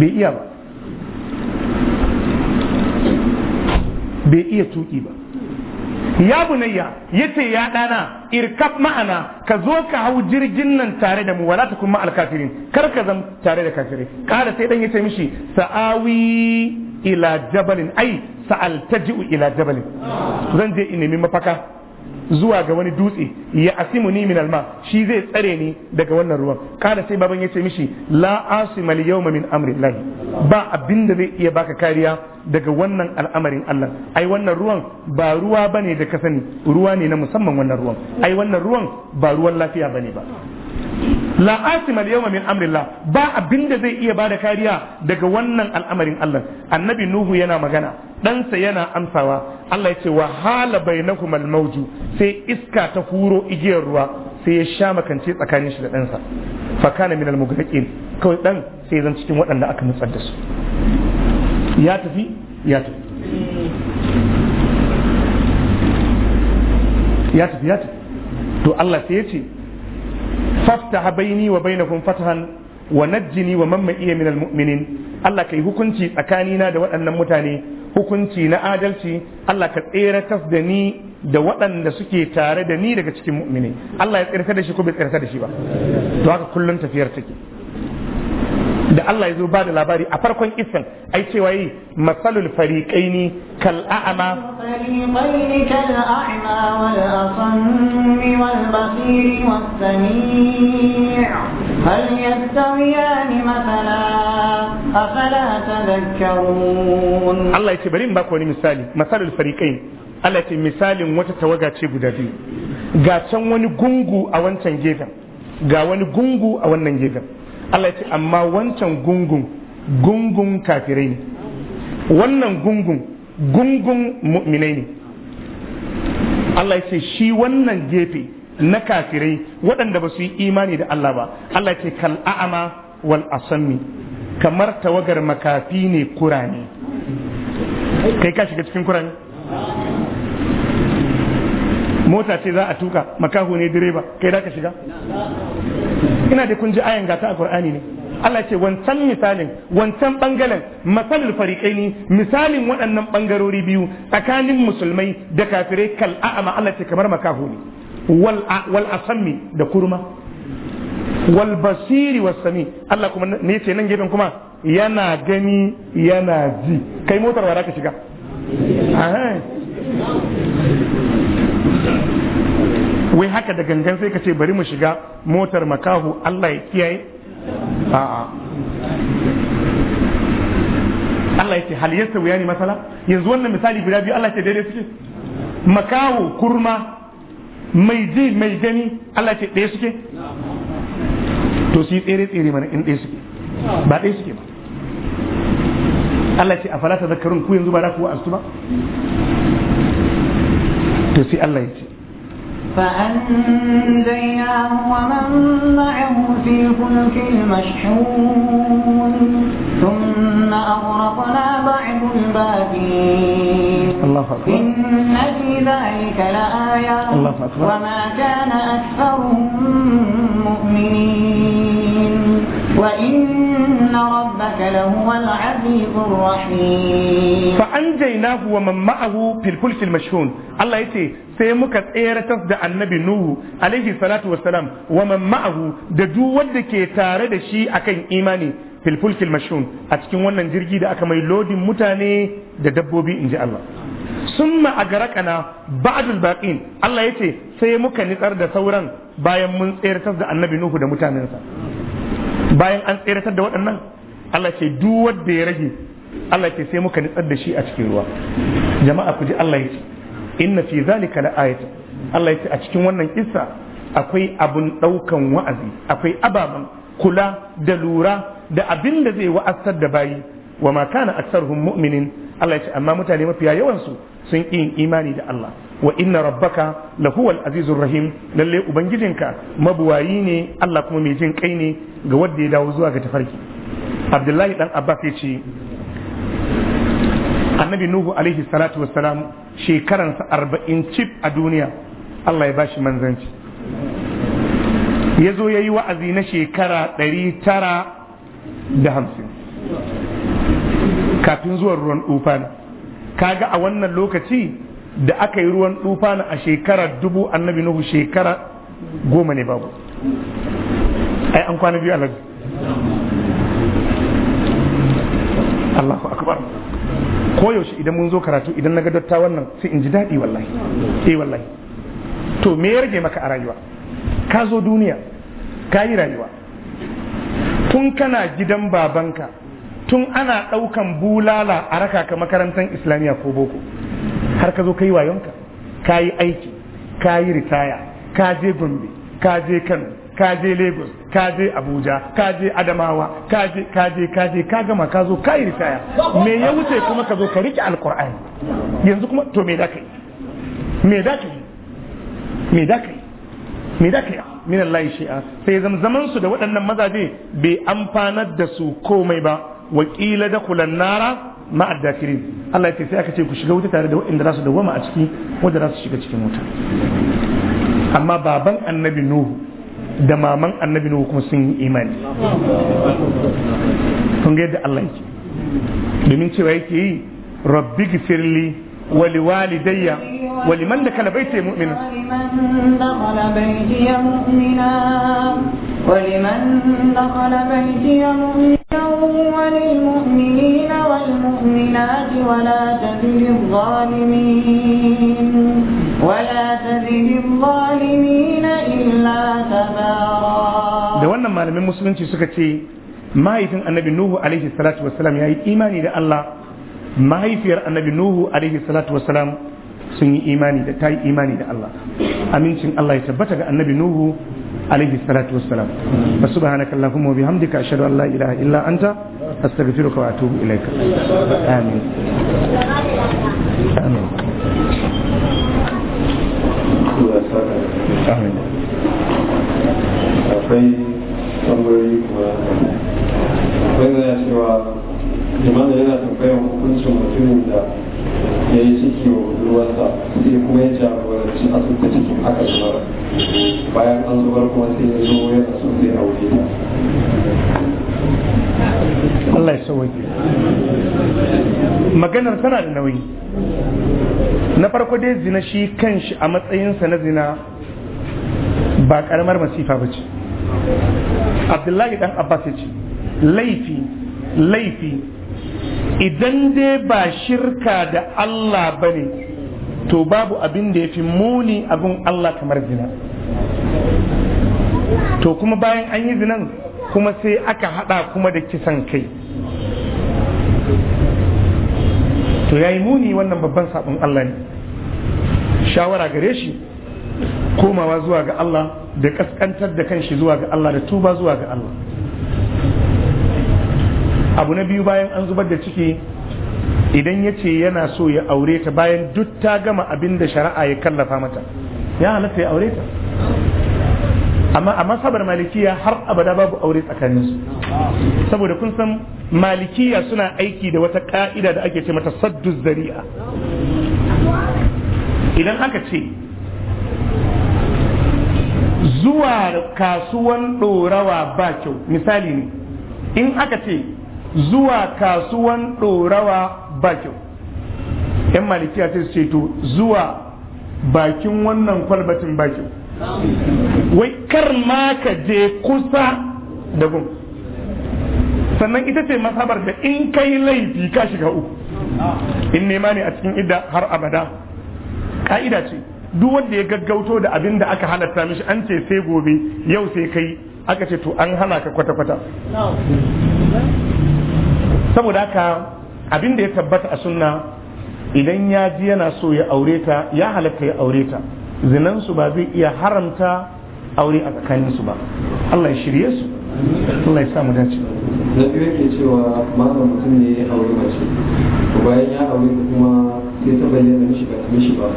bai iya ba bai iya tuki ba ya bunayya yace ya ɗana irkab ma'ana ka zo ka hau jirgin nan tare da mu wala ta kuma alkafirin kar ka zam tare da kafirai Ƙara sai ya ce mishi sa'awi ila jabalin ai sa'altaji'u ila jabalin zan je in nemi mafaka zuwa ga wani dutse ya asimu ni min alma shi zai tsare ni daga wannan ruwan kada sai baban ya ce mishi la asima al yawma min amri Allah ba abin da zai iya baka kariya daga wannan al'amarin Allah ai wannan ruwan ba ruwa bane da ka sani ruwa ne na musamman wannan ruwan ai wannan ruwan ba ruwan lafiya bane ba la asimal yawma min amrillah ba abinda zai iya bada kariya daga wannan al'amarin Allah annabi nuhu yana magana ɗansa yana amsawa Allah ya ce wa hala bainakum al mawju sai iska ta huro igiyar ruwa sai ya sha makance tsakanin shi da ɗansa fa kana min al mughaqin kawai dan sai zan cikin waɗanda aka nutsar da su ya tafi ya tafi ya tafi ya tafi to Allah sai ya ce faftaha baini wa bainakum fatahan wa najjini wa man ma'iya minal mu'minin Allah ka yi hukunci tsakanina da waɗannan mutane hukunci na adalci Allah ka tseratas da ni da waɗanda suke tare da ni daga cikin mu'mini Allah ya tsirka da shi ko bai tsirka da shi ba to haka kullum tafiyar take da Allah ya zo ba da labari a farkon isan ai cewa yi masalul fariƙaini kal basiri Allah ya ce bari in wani misali masalul fariqaini Allah ya ce misalin wata tawaga ce guda biyu ga can wani gungu a ga wani gungu a wannan gefen Allah ya ce amma wancan gungun gungun kafirai ne wannan gungun gungun mu'minai ne Allah ce shi wannan gefe na kafirai waɗanda ba su yi imani da Allah ba Allah ya ce kal a'ama wal asammi kamar tawagar makafi ne kurani kai ka shiga cikin kurani? mota ce za a tuka makaho ne direba kai da ka shiga Kina da kun ji ayan gata a Qur'ani ne Allah ce wancan misalin wancan bangaren masalul fariqaini misalin waɗannan bangarori biyu tsakanin musulmai da kafirai kal a'ama Allah ce kamar makaho ne wal wal da kurma wal basiri was sami Allah kuma ne ce nan gefen kuma yana gani yana ji kai motar wa ka shiga wai haka da gangan sai ka ce bari mu shiga motar makahu Allah ya kiyaye a'a Allah ya ce hal yasta wuyani masala yanzu wannan misali guda biyu Allah ya ce daidai suke makahu kurma mai ji mai gani Allah ya ce ɗaya suke to su yi tsere tsere mana in ɗaya suke ba ɗaya suke ba Allah ya ce a falata zakarun ku yanzu ba za ku wa'azu ba to sai Allah ya ce فأنجيناه ومن معه في الفلك المشحون ثم أغرقنا بعد الباقين إن في ذلك لآية وما كان أكثرهم مؤمنين وإن Fa an لهو wa الرحيم ma'ahu fil معه في الفلك Allah الله sai muka tseratas da annabi Nuhu alaihi salatu wassalam wa man ma'ahu da duk wanda ke tare da shi akan imani fil fulkil mashhun a cikin wannan jirgi da aka mai lodin mutane da dabbobi inji Allah summa agarakana ba'dul baqin Allah yace sai muka nitsar da sauran bayan mun tseratas da annabi Nuhu da mutanensa bayan an tseratar da waɗannan Allah ce duk wanda ya rage Allah ce sai muka nitsar da shi a cikin ruwa jama'a ku ji Allah ya ce inna fi zalika la ayat Allah ya ce a cikin wannan kissa akwai abun ɗaukan wa'azi akwai ababan kula da lura da abin da zai wa'asar da bayi wa ma kana aktsaruhum mu'minin Allah ya ce amma mutane mafiya yawansu sun ƙi imani da Allah wa inna rabbaka huwal azizur rahim lalle ubangijinka mabuwayi ne Allah kuma mai jin kai ne ga wanda ya dawo zuwa ga tafarki Abdullahi dan Abbas ya ce Annabi Nuhu alaihi salatu wassalam sa arba'in cif a duniya Allah ya bashi manzanci ya zo ya yi wa'azi na shekara ɗari tara da hamsin kafin zuwan ruwan tufana kaga a wannan lokaci da aka yi ruwan tufana a shekara dubu annabi nuhu shekara goma ne babu ai an kwana biyu alaji Allahu akbar yaushe idan mun zo karatu idan na ga dotta wannan sai in ji daɗi wallahi eh wallahi to me ya rage maka a rayuwa ka zo duniya ka yi rayuwa tun kana gidan babanka tun ana ɗaukan bulala a raka ka makarantar islamiyya ko boko har ka zo ka yi wayonka ka yi aiki ka yi ritaya ka je gombe ka je kano ka je lagos ka je abuja ka je adamawa ka je ka je ka je ka gama ka zo ka yi ritaya me ya wuce kuma ka zo ka rike alkur'ani yanzu kuma to me da ka yi me da ka yi me da ka yi me da ka yi min Allah shi'a sai zamzaman su da waɗannan mazaje bai amfanar da su komai ba wa da dakhulan nara ma addakirin Allah ya ce sai aka ce ku shiga wuta tare da inda za su ma a ciki wanda za su shiga cikin wuta amma baban annabi nuhu da maman annabi nuhu kuma sun yi imani kun ga yadda Allah yake domin cewa yake yi rabbi gifirli ولوالدي ولمن دخل بيتي مؤمنا ولمن دخل بيتي مؤمنا ولمن دخل بيتي مؤمنا وللمؤمنين والمؤمنات ولا تزد الظالمين ولا تزد الظالمين إلا تبارا da wannan malamin musulunci suka ce mahaifin annabi nuhu alaihi salatu wassalam ya yi imani da Allah mahaifiyar annabi nuhu alaihi salatu wasalam sun yi imani da ta yi imani da Allah amincin Allah ya tabbata ga annabi nuhu alaihi salatu wassalam wa subhanaka allahumma wa bihamdika ashhadu an la ilaha illa anta astaghfiruka wa atubu ilaika amin amin amin akwai tambayoyi kuma akwai zai cewa limana yana tambayar hukuncin mutumin da ya yi ciki wa budurwarsa sai kuma ya jagoranci asibiti cikin aka zubar bayan an zubar kuma sai ya zo ya rasu zai aure ta Allah ya sauwake maganar tana da nauyi na farko dai zina shi kanshi a matsayinsa na zina ba karamar masifa ba ce abdullahi dan abbas ya ce laifi laifi idan dai ba shirka da Allah ba ne to babu abin da ya fi muni abin Allah kamar zina to kuma bayan an yi zinan kuma sai aka hada kuma da kisan kai to ya yi muni wannan babban sabon Allah ne shawara gare shi komawa zuwa ga Allah da kaskantar da kanshi zuwa ga Allah da tuba zuwa ga Allah abu na biyu bayan an zubar da ciki idan ya ce yana so ya aure ta bayan duk ta gama abin da shari'a ya kallafa mata ya halatta ya aure ta amma a masabar malikiya har abada babu aure tsakaninsu saboda kun san malikiya suna aiki da wata ka'ida da ake ce mata saddu zari'a idan aka ce zuwa kasuwan ɗorawa ba kyau misali ne in aka ce zuwa kasuwan ɗorawa bakin yan malikiya ta su ce to zuwa bakin wannan kwalbatin bakin wai kar ma ka je kusa da gun sannan ita ce masabar da in kai laifi ka shiga uku in nema ne a cikin idda har abada ka'ida ce duk wanda ya gaggauto da abin da aka halatta mishi an ce sai gobe yau sai kai aka ce to an hana ka kwata-kwata saboda haka abin da ya tabbata a sunna idan ya ji yana so ya aure ta ya halatta ya aure ta zinansu ba zai iya haramta aure a tsakaninsu ba Allah ya shirye su Allah ya sa mu dace na biyu ke cewa malam mutum ne ya aure mace bayan ya aure kuma sai ta bayyana mishi ba mishi bai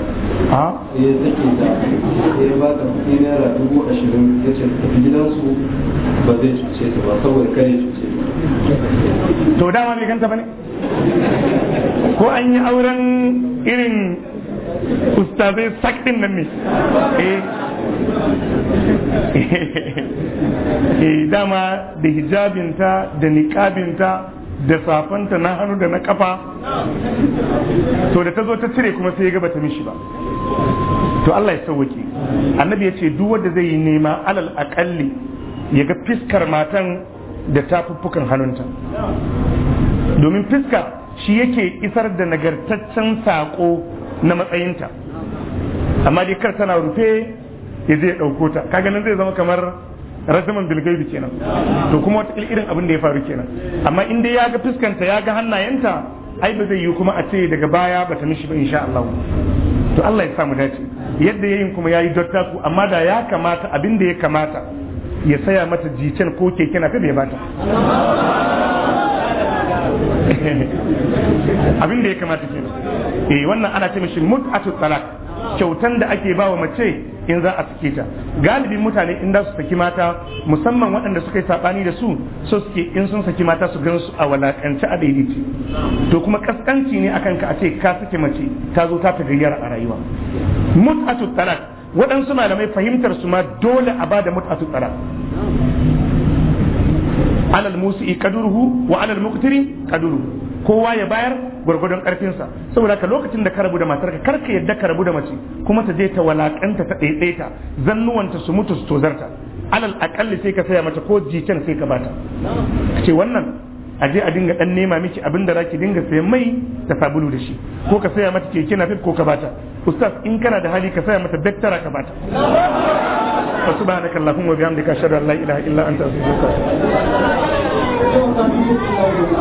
ganta ba ne ko an yi auren irin ustazai sak nan ne eh. eh dama da hijabinta da niƙabinta da safanta na hannu da na kafa to da ta zo ta cire kuma sai ya ga ta mishi ba to Allah ya sauwaki annabi ya ce duk wanda zai yi nema alal aqalli ya ga fiskar matan da ta tafuffukan hannunta domin fiska shi yake isar da nagartaccen sako na matsayinta amma dai kar tana rufe ya zai ɗauko ta kaga nan zai zama kamar razaman bilgaibi kenan to kuma wata irin abin da ya faru kenan amma in dai ya ga fiskanta ya ga hannayenta ai ba zai yi kuma a ce daga baya ba ta mishi ba insha Allah to Allah ya sa mu dace yadda yayin kuma yayi dotta ku amma da ya kamata abin da ya kamata ya saya mata jicen ko keke na kada ya bata abin da ya kamata kenan eh wannan ana ce mishi mut'atu talaq kyautan da ake bawa mace in za a sake ta galibin mutane in za su saki mata musamman waɗanda suka yi saɓani da su so suke in sun saki mata su gan su a walakance a daidaiti. to kuma kaskanci ne akan ka a ce ka sake mace ta zo ta ta gayyara a rayuwa mut'atu talak waɗansu malamai fahimtar su ma dole a ba da mut'atu talak alal musu'i kaduruhu wa alal muqtiri kaduruhu kowa ya bayar gwargwadon karfinsa saboda ka lokacin da ka rabu da matar kar ka yadda ka rabu da mace kuma ta je ta walakanta ta daidaita zannuwanta su mutu su tozarta alal akalli sai ka saya mata ko jicen sai ka bata ce wannan a a dinga dan nema miki abin da zaki dinga sayan mai ta sabulu da shi ko ka saya mata keke na ko ka bata ustaz in kana da hali ka saya mata daktara ka bata fa subhanaka allahumma wa bihamdika ashhadu an la ilaha illa anta astaghfiruka